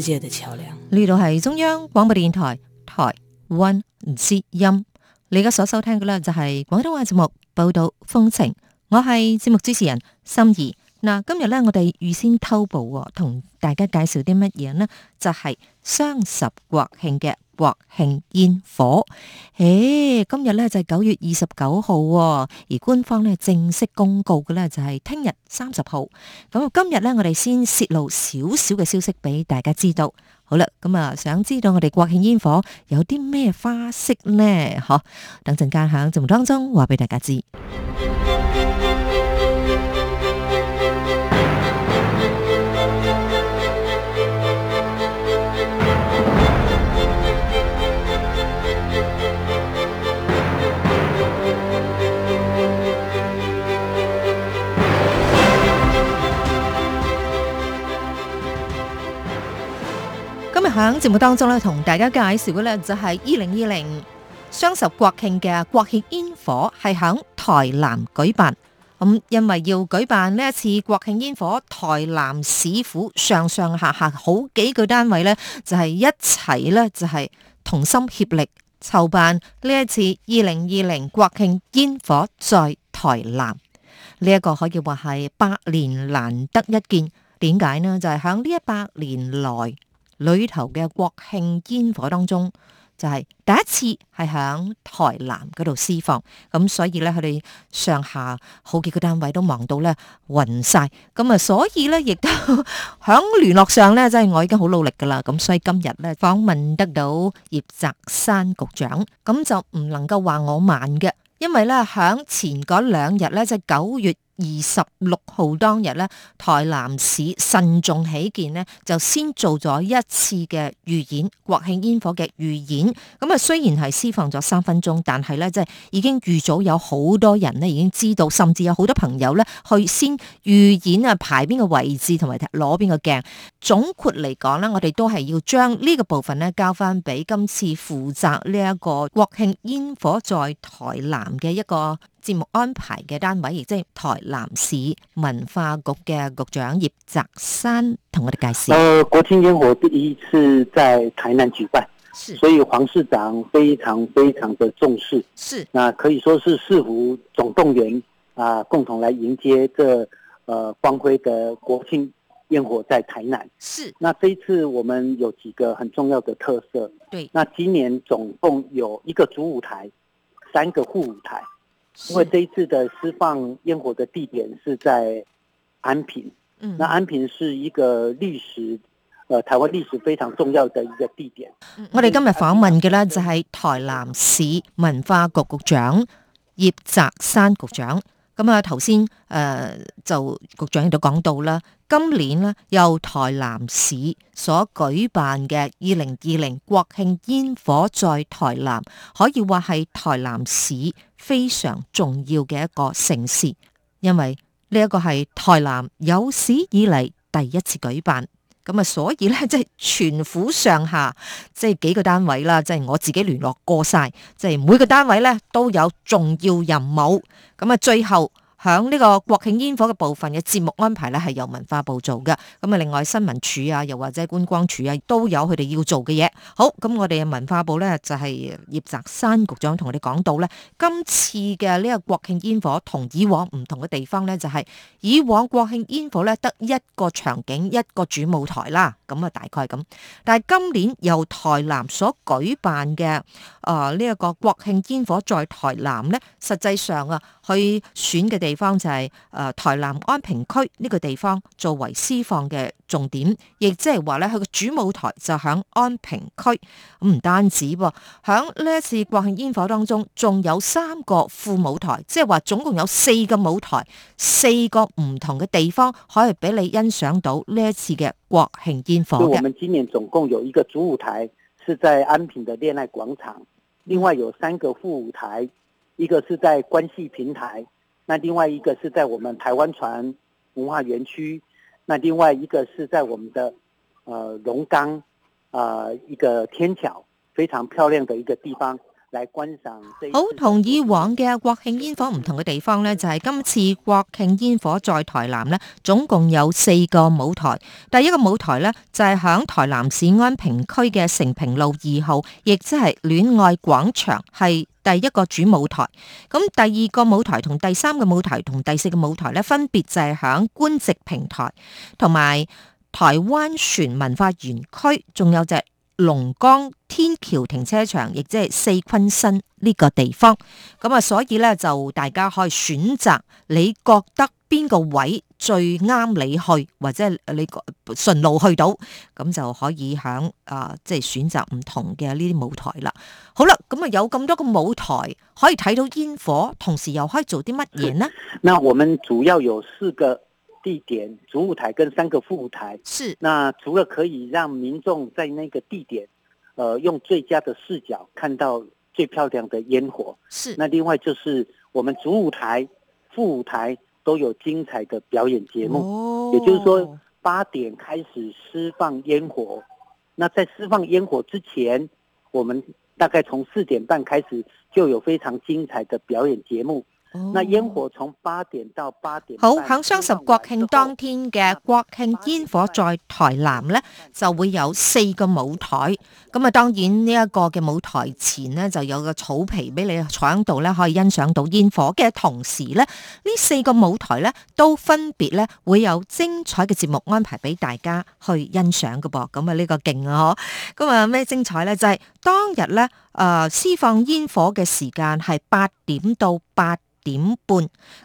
世界的橋樑，呢度係中央廣播電台台灣唔知音，你而家所收聽嘅咧就係廣東話節目報導風情，我係節目主持人心儀。嗱，今日咧我哋預先偷步同大家介紹啲乜嘢呢？就係、是、雙十國慶嘅。國慶煙火，誒，hey，今日呢就係九月二十九號，而官方呢正式公告嘅，呢就係聽日三十號。咁今日呢，我哋先泄露少少嘅消息俾大家知道。好啦，咁啊，想知道我哋國慶煙火有啲咩花式呢？嗬，等陣間喺節目當中話俾大家知。喺節目當中咧，同大家介紹嘅呢就係二零二零雙十國慶嘅國慶煙火係喺台南舉辦。咁、嗯、因為要舉辦呢一次國慶煙火，台南市府上上下下好幾個單位呢，就係、是、一齊呢就係、是、同心協力籌辦呢一次二零二零國慶煙火在台南呢一、這個可以話係百年難得一見。點解呢？就係喺呢一百年內。裏頭嘅國慶煙火當中，就係第一次係響台南嗰度施放，咁所以呢，佢哋上下好幾個單位都忙到呢暈晒，咁啊所以呢，亦都響聯絡上呢，真係我已經好努力噶啦，咁所以今日呢，訪問得到葉澤山局長，咁就唔能夠話我慢嘅，因為呢，響前嗰兩日呢，即係九月。二十六號當日咧，台南市慎重起見呢，就先做咗一次嘅預演，國慶煙火嘅預演。咁啊，雖然係施放咗三分鐘，但係咧，即係已經預早有好多人呢已經知道，甚至有好多朋友咧去先預演啊，排邊個位置同埋攞邊個鏡。總括嚟講呢，我哋都係要將呢個部分呢交翻俾今次負責呢一個國慶煙火在台南嘅一個。節目安排嘅單位，亦即係台南市文化局嘅局長葉澤山同我哋介紹。呃，國慶煙火第一次在台南舉辦，是，所以黃市長非常非常的重視，是。那可以說是市府總動員啊，共同來迎接這、呃、光輝的國慶煙火在台南。是。那這一次我們有幾個很重要的特色，對。那今年總共有一個主舞台，三個副舞台。因為這一次的施放煙火的地點是在安平，嗯，那安平是一個歷史，呃，台灣歷史非常重要的一個地點。嗯嗯，我哋今日訪問嘅呢，就係台南市文化局局長葉澤山局長。咁啊，頭先誒就局長亦都講到啦，今年呢，由台南市所舉辦嘅二零二零國慶煙火在台南，可以話係台南市非常重要嘅一個城市，因為呢一個係台南有史以嚟第一次舉辦，咁啊所以呢，即係全府上下即係幾個單位啦，即係我自己聯絡過晒，即係每個單位呢都有重要任務，咁啊最後。響呢個國慶煙火嘅部分嘅節目安排咧，係由文化部做嘅。咁啊，另外新聞處啊，又或者觀光處啊，都有佢哋要做嘅嘢。好，咁我哋嘅文化部咧就係葉澤山局長同我哋講到咧，今次嘅呢個國慶煙火同以往唔同嘅地方咧，就係以往國慶煙火咧得一個場景一個主舞台啦。咁啊，大概咁。但係今年由台南所舉辦嘅誒呢一個國慶煙火在台南咧，實際上啊。去選嘅地方就係誒台南安平區，呢個地方作為施放嘅重點，亦即係話咧，佢個主舞台就響安平區。咁唔單止喎，響呢一次國慶煙火當中，仲有三個副舞台，即係話總共有四個舞台，四個唔同嘅地方可以俾你欣賞到呢一次嘅國慶煙火。我們今年總共有一個主舞台是在安平的戀愛廣場，另外有三個副舞台。一個是在觀夕平台，那另外一個是在我們台灣船文化園區，那另外一個是在我們的呃龍崗呃，一個天橋，非常漂亮的一個地方。好，同以往嘅國慶煙火唔同嘅地方呢，就係今次國慶煙火在台南呢，總共有四個舞台。第一個舞台呢，就係響台南市安平區嘅成平路二號，亦即係戀愛廣場，係第一個主舞台。咁第二個舞台同第三個舞台同第四個舞台呢，分別就係響觀夕平台同埋台灣船文化園區，仲有只龍崗天橋停車場，亦即係四鯤鯓呢個地方。咁啊，所以呢，就大家可以選擇你覺得邊個位最啱你去，或者你順路去到，咁就可以響啊，即係選擇唔同嘅呢啲舞台啦。好啦，咁啊有咁多個舞台可以睇到煙火，同時又可以做啲乜嘢呢？嗱，我們主要有四個。地點主舞台跟三個副舞台是那，除了可以讓民眾在那個地點，呃，用最佳的視角看到最漂亮的煙火是那，另外就是我們主舞台、副舞台都有精彩的表演節目，哦、也就是說八點開始施放煙火，那在施放煙火之前，我們大概從四點半開始就有非常精彩的表演節目。那煙火從八點到八點8。好響。雙十國慶當天嘅國慶煙火，在台南咧就會有四個舞台。咁啊，當然呢一個嘅舞台前咧就有個草皮俾你坐響度咧，可以欣賞到煙火嘅同時咧，呢四個舞台咧都分別咧會有精彩嘅節目安排俾大家去欣賞嘅噃。咁啊，呢個勁啊，嗬咁啊咩精彩咧，就係、是、當日咧誒、呃、施放煙火嘅時間係八點到。八點半，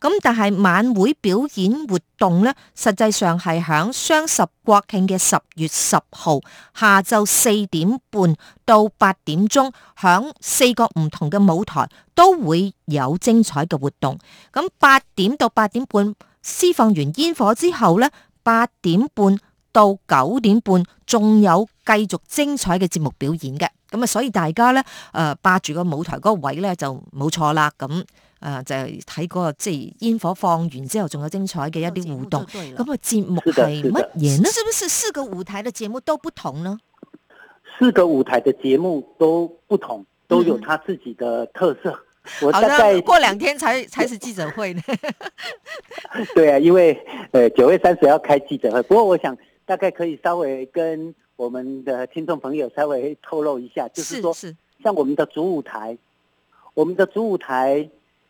咁但係晚會表演活動呢，實際上係響雙十國慶嘅十月十號下晝四點半到八點鐘，響四個唔同嘅舞台都會有精彩嘅活動。咁八點到八點半施放完煙火之後呢，八點半到九點半仲有繼續精彩嘅節目表演嘅。咁啊，所以大家呢，誒、呃、霸住個舞台嗰個位呢，就冇錯啦。咁誒，就係睇嗰個即係煙火放完之後，仲有精彩嘅一啲互動。咁啊，節目係乜嘢呢？是，是，是不是四個舞台嘅節目都不同呢？四個舞台嘅節目都不同，都有他自己嘅特色。嗯、我大概好過兩天才 才是記者會呢。 對啊，因為呃、九月三十要開記者會，不過我想大概可以稍微跟我們的聽眾朋友稍微透露一下，就是說，是，是像我們的主舞台，我們的主舞台。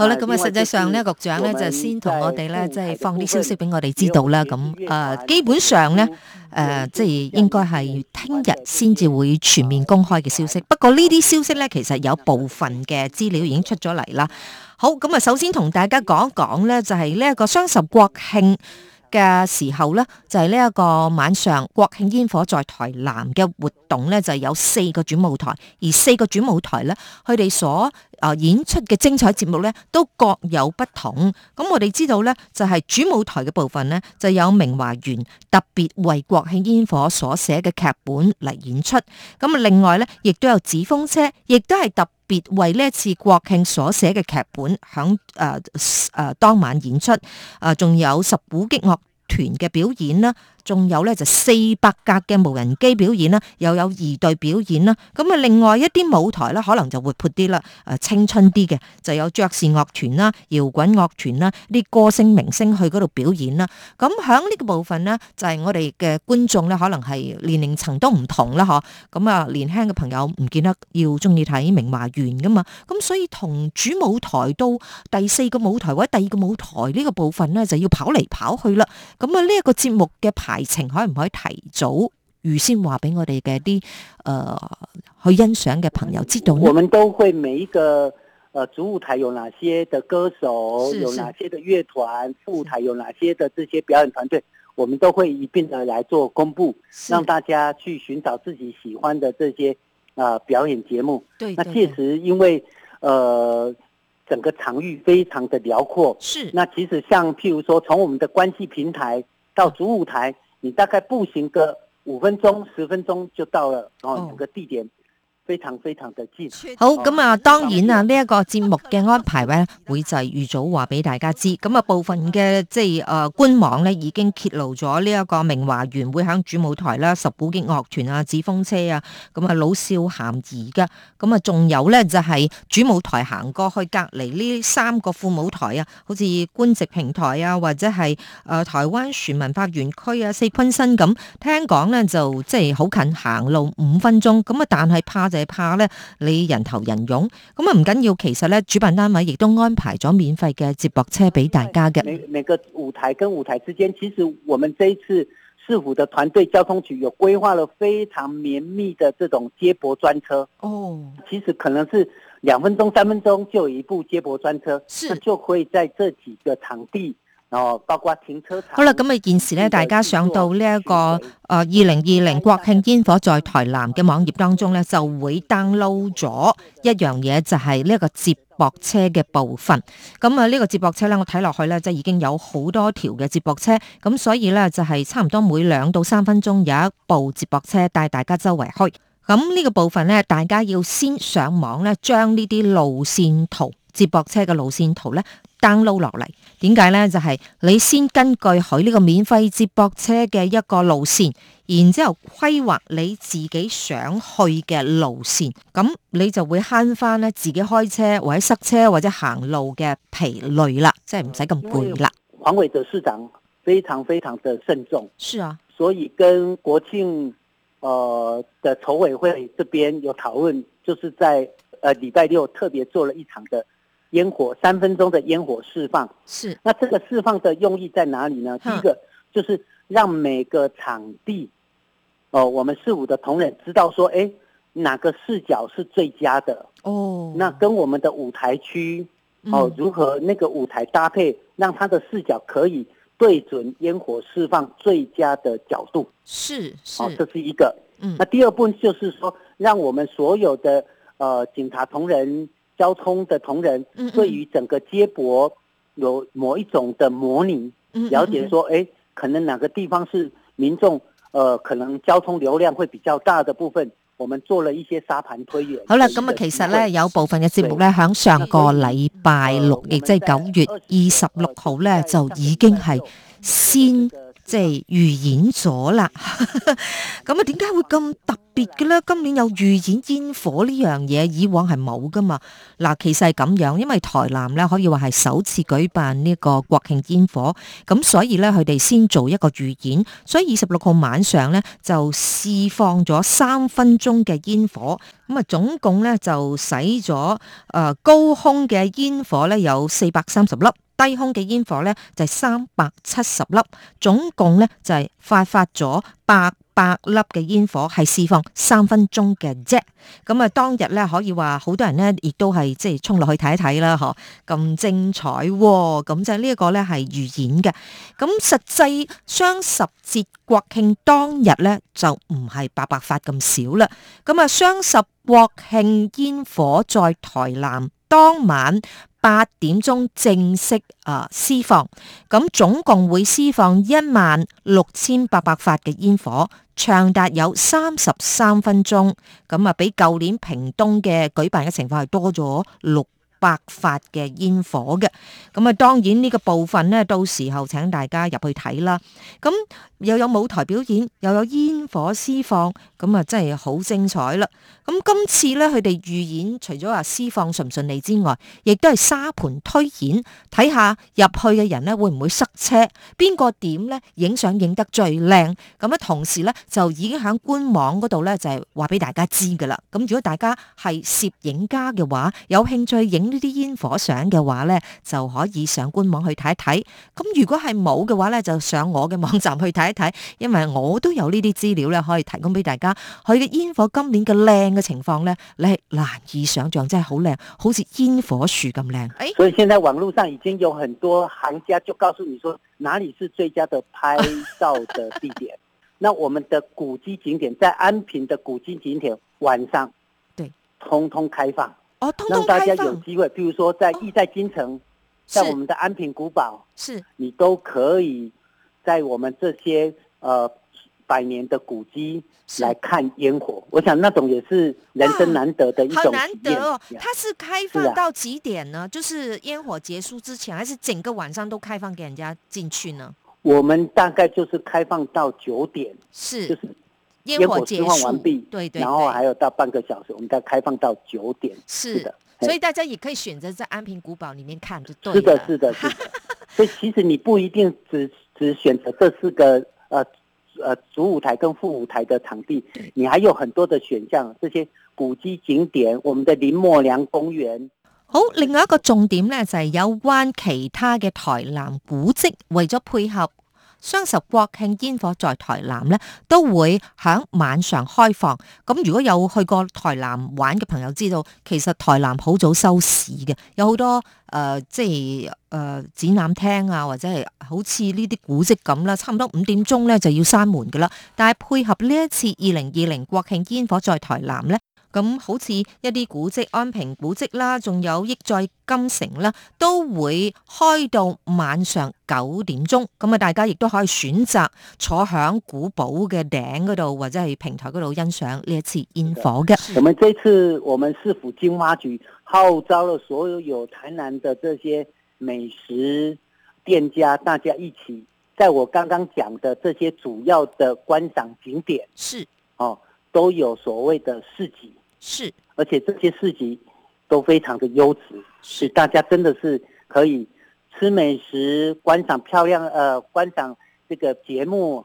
好啦，咁啊，實際上呢，局長咧就先同我哋咧，即係放啲消息俾我哋知道啦。咁啊、呃，基本上咧，誒、呃，即係應該係聽日先至會全面公開嘅消息。不過呢啲消息咧，其實有部分嘅資料已經出咗嚟啦。好，咁啊，首先同大家講一講咧，就係呢一個雙十國慶嘅時候咧，就係呢一個晚上國慶煙火在台南嘅活動咧，就有四個主舞台，而四個主舞台咧，佢哋所啊、呃！演出嘅精彩節目咧，都各有不同。咁我哋知道咧，就係、是、主舞台嘅部分呢，就有明華園特別為國慶煙火所寫嘅劇本嚟演出。咁啊，另外咧，亦都有紙風車，亦都係特別為呢一次國慶所寫嘅劇本響誒誒當晚演出。啊、呃，仲有十鼓擊樂團嘅表演啦。仲有咧，就四百架嘅無人機表演啦，又有二隊表演啦。咁啊，另外一啲舞台咧，可能就活潑啲啦，誒，青春啲嘅，就有爵士樂，樂團啦、搖滾樂團啦，啲歌星明星去嗰度表演啦。咁響呢個部分咧，就係、是、我哋嘅觀眾咧，可能係年齡層都唔同啦，嗬。咁啊，年輕嘅朋友唔見得要中意睇明華園噶嘛。咁所以同主舞台到第四個舞台或者第二個舞台呢個部分咧，就要跑嚟跑去啦。咁啊，呢一個節目嘅排程可唔可以提早預先話俾我哋嘅啲誒去欣賞嘅朋友知道？我們都會每一個誒、呃、主舞台有哪些的歌手，是是有哪些的樂團，副舞台有哪些的這些表演團隊，我們都會一并的來做公佈，是 讓大家去尋找自己喜歡的這些啊、呃、表演節目。對，對，那其實因為誒、呃、整個場域非常的遼闊，是。那其實像譬如說從我們的觀夕平台。到主舞台，你大概步行個五分鐘、十分鐘就到了，然後這個地點。Oh. 非常非常的好，咁啊，當然啊，呢、這、一個節目嘅安排咧，會就係預早話俾大家知。咁啊，部分嘅即係誒官網咧，已經揭露咗呢一個明華園會喺主舞台啦，十鼓擊樂團啊，紙風車啊，咁啊，老少咸宜噶。咁啊，仲有咧就係主舞台行過去隔離呢三個副舞台啊，好似觀夕平台啊，或者係誒台灣船文化園區啊，四鯤鯓咁。聽講咧就即係好近，行路五分鐘。咁啊，但係怕就是。怕咧你人頭人湧，咁啊唔緊要。其實呢，主辦單位亦都安排咗免費嘅接駁車俾大家嘅。每每個舞台跟舞台之間，其實我們這一次市府的團隊交通局有規劃了非常綿密的這種接駁專車。哦，oh. 其實可能是兩分鐘、三分鐘就有一部接駁專車，是，就可以在這幾個場地。哦，包括停車場。好啦，咁啊，現時咧，大家上到呢一個誒二零二零國慶煙火在台南嘅網頁當中咧，就會 download 咗一樣嘢，就係呢一個接駁車嘅部分。咁啊，呢個接駁車咧，我睇落去咧，即係已經有好多條嘅接駁車。咁所以咧，就係差唔多每兩到三分鐘有一部接駁車帶大家周圍去。咁呢個部分咧，大家要先上網咧，將呢啲路線圖。接駁車嘅路線圖咧，download 落嚟。點解咧？就係、是、你先根據佢呢個免費接駁車嘅一個路線，然之後規劃你自己想去嘅路線，咁你就會慳翻咧自己開車或者塞車或者行路嘅疲累啦，即係唔使咁攰啦。黃偉哲市長非常非常的慎重。是啊，所以跟國慶誒嘅籌委會這邊有討論，就是在誒禮拜六特別做了一場嘅。煙火三分鐘的煙火釋放是，那這個釋放的用意在哪裡呢？第一個哈就是讓每個場地，哦、呃，我們四五的同仁知道說，哎、欸，哪個視角是最佳的哦。那跟我們的舞台區哦，呃、嗯嗯嗯如何那個舞台搭配，讓他的視角可以對準煙火釋放最佳的角度。是，是哦，這是一個。嗯，那第二步就是說，讓我們所有的呃警察同仁。交通的同仁對於整個接駁有某一種的模擬，嗯嗯嗯了解，說，誒，可能哪個地方是民眾，呃，可能交通流量會比較大的部分，我們做了一些沙盤推演。好啦、嗯嗯嗯，咁啊，其實呢，有部分嘅節目呢，響上個禮拜六亦即係九月二十六號呢，就已經係先。即係預演咗啦，咁啊點解會咁特別嘅呢？今年有預演煙火呢樣嘢，以往係冇噶嘛。嗱，其實係咁樣，因為台南呢可以話係首次舉辦呢個國慶煙火，咁所以呢，佢哋先做一個預演，所以二十六號晚上呢，就試放咗三分鐘嘅煙火，咁啊總共呢，就使咗誒高空嘅煙火呢，有四百三十粒。低空嘅煙火咧就係三百七十粒，總共咧就係發發咗八百粒嘅煙火，係釋放三分鐘嘅啫。咁啊，當日咧可以話好多人咧，亦都係即係衝落去睇一睇啦，嗬，咁精彩喎，啊。咁就係呢一個咧係預演嘅。咁實際雙十節國慶當日咧就唔係八百發咁少啦。咁啊，雙十國慶煙火在台南當晚。八點鐘正式啊，施放咁總共會施放一萬六千八百發嘅煙火，長達有三十三分鐘。咁啊，比舊年屏東嘅舉辦嘅情況係多咗六百發嘅煙火嘅。咁啊，當然呢個部分呢，到時候請大家入去睇啦。咁又有舞台表演，又有煙火施放，咁啊，真係好精彩啦！咁今次咧，佢哋預演除咗話施放順唔順利之外，亦都係沙盤推演，睇下入去嘅人咧會唔會塞車，邊個點咧影相影得最靚，咁啊，同時咧就已經喺官網嗰度咧就係話俾大家知噶啦。咁如果大家係攝影家嘅話，有興趣影呢啲煙火相嘅話咧，就可以上官網去睇一睇。咁如果係冇嘅話咧，就上我嘅網站去睇一睇，因為我都有呢啲資料咧可以提供俾大家。佢嘅煙火今年嘅靚。情況呢，你係難以想象，真係好靚，好似煙火樹咁靚。所以現在網絡上已經有很多行家就告訴你說，哪裡是最佳的拍照的地點。 那我們的古跡景點，在安平的古跡景點，晚上對通通開放、哦、通通開放，讓大家有機會，譬如說在億載金城，哦、在我們的安平古堡，是，你都可以在我們這些，呃。百年的古跡是來看煙火，我想那種也是人生難得的一種體驗。好難得哦。它是開放到幾點呢？是啊，就是煙火結束之前，還是整個晚上都開放給人家進去呢？我們大概就是開放到九點，是就是煙火結束火完畢，對，對對，然後還有到半個小時，我們再開放到九點。是，是的，嘿所以大家也可以選擇在安平古堡裡面看，就對。是的，是的，是的。 所以其實你不一定只只選擇這四個呃。主舞台跟副舞台的場地，你還有很多的選項，這些古蹟景點，我們的林默娘公園，好，另外一個重點呢，就係有關其他嘅台南古蹟，為咗配合。雙十國慶煙火在台南呢，都會喺晚上開放。咁如果有去過台南玩嘅朋友知道，其實台南好早收市嘅，有好多誒、呃，即係誒展覽廳啊，或者係好似呢啲古蹟咁啦，差唔多五點鐘呢就要閂門㗎喇。但係配合呢一次二零二零國慶煙火在台南呢。咁好似一啲古蹟、安平古蹟啦，仲有益在金城啦，都會開到晚上九點鐘，咁啊，大家亦都可以選擇坐響古堡嘅頂嗰度，或者係平台嗰度欣賞呢一次煙火嘅。是我們這次我們市府金花局號召了所有有台南的這些美食店家，大家一起在我剛剛講的這些主要的觀賞景點是哦，都有所謂的市集。是，而且這些市集都非常的優質，是，大家真的是可以吃美食、觀賞漂亮，呃，觀賞。呢個節目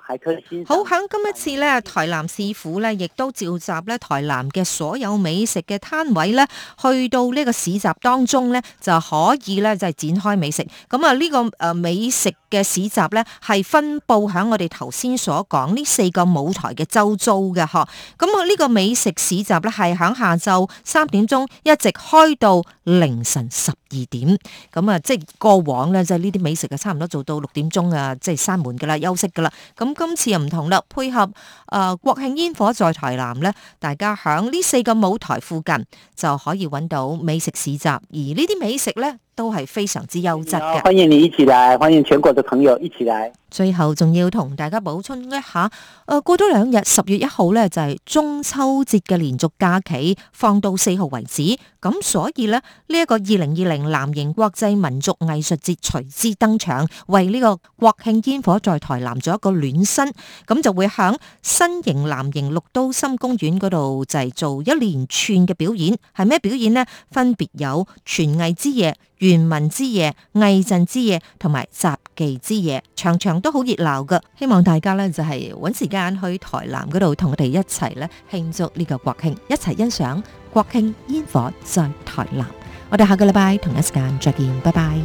好響今一次咧，台南市府咧，亦都召集咧台南嘅所有美食嘅攤位咧，去到呢個市集當中咧，就可以咧就係展開美食。咁啊呢個誒美食嘅市集咧，係分布響我哋頭先所講呢四個舞台嘅周遭嘅嗬。咁啊呢個美食市集咧，係響下晝三點鐘一直開到凌晨十。二點咁啊，即係過往呢，即係呢啲美食啊，差唔多做到六點鐘啊，即係閂門噶啦，休息噶啦。咁今次又唔同啦，配合誒國慶煙火在台南呢，大家響呢四個舞台附近就可以揾到美食市集，而呢啲美食呢，都係非常之優質嘅。歡迎你一起來，歡迎全國嘅朋友一起來。最後仲要同大家補充一下，誒，過咗兩日，十月一號呢，就係中秋節嘅連續假期，放到四號為止。咁所以呢，呢一個二零二零南瀛國際民族藝術節隨之登場，為呢個國慶煙火在台南做一個暖身。咁就會響新營南瀛綠都心公園嗰度，就係做一連串嘅表演。係咩表演呢？分別有全藝之夜。元文之夜、藝陣之夜同埋雜技之夜，場場都好熱鬧噶。希望大家呢就係揾時間去台南嗰度，同我哋一齊呢慶祝呢個國慶，一齊欣賞國慶煙火在台南。我哋下個禮拜同一時間再見，拜拜。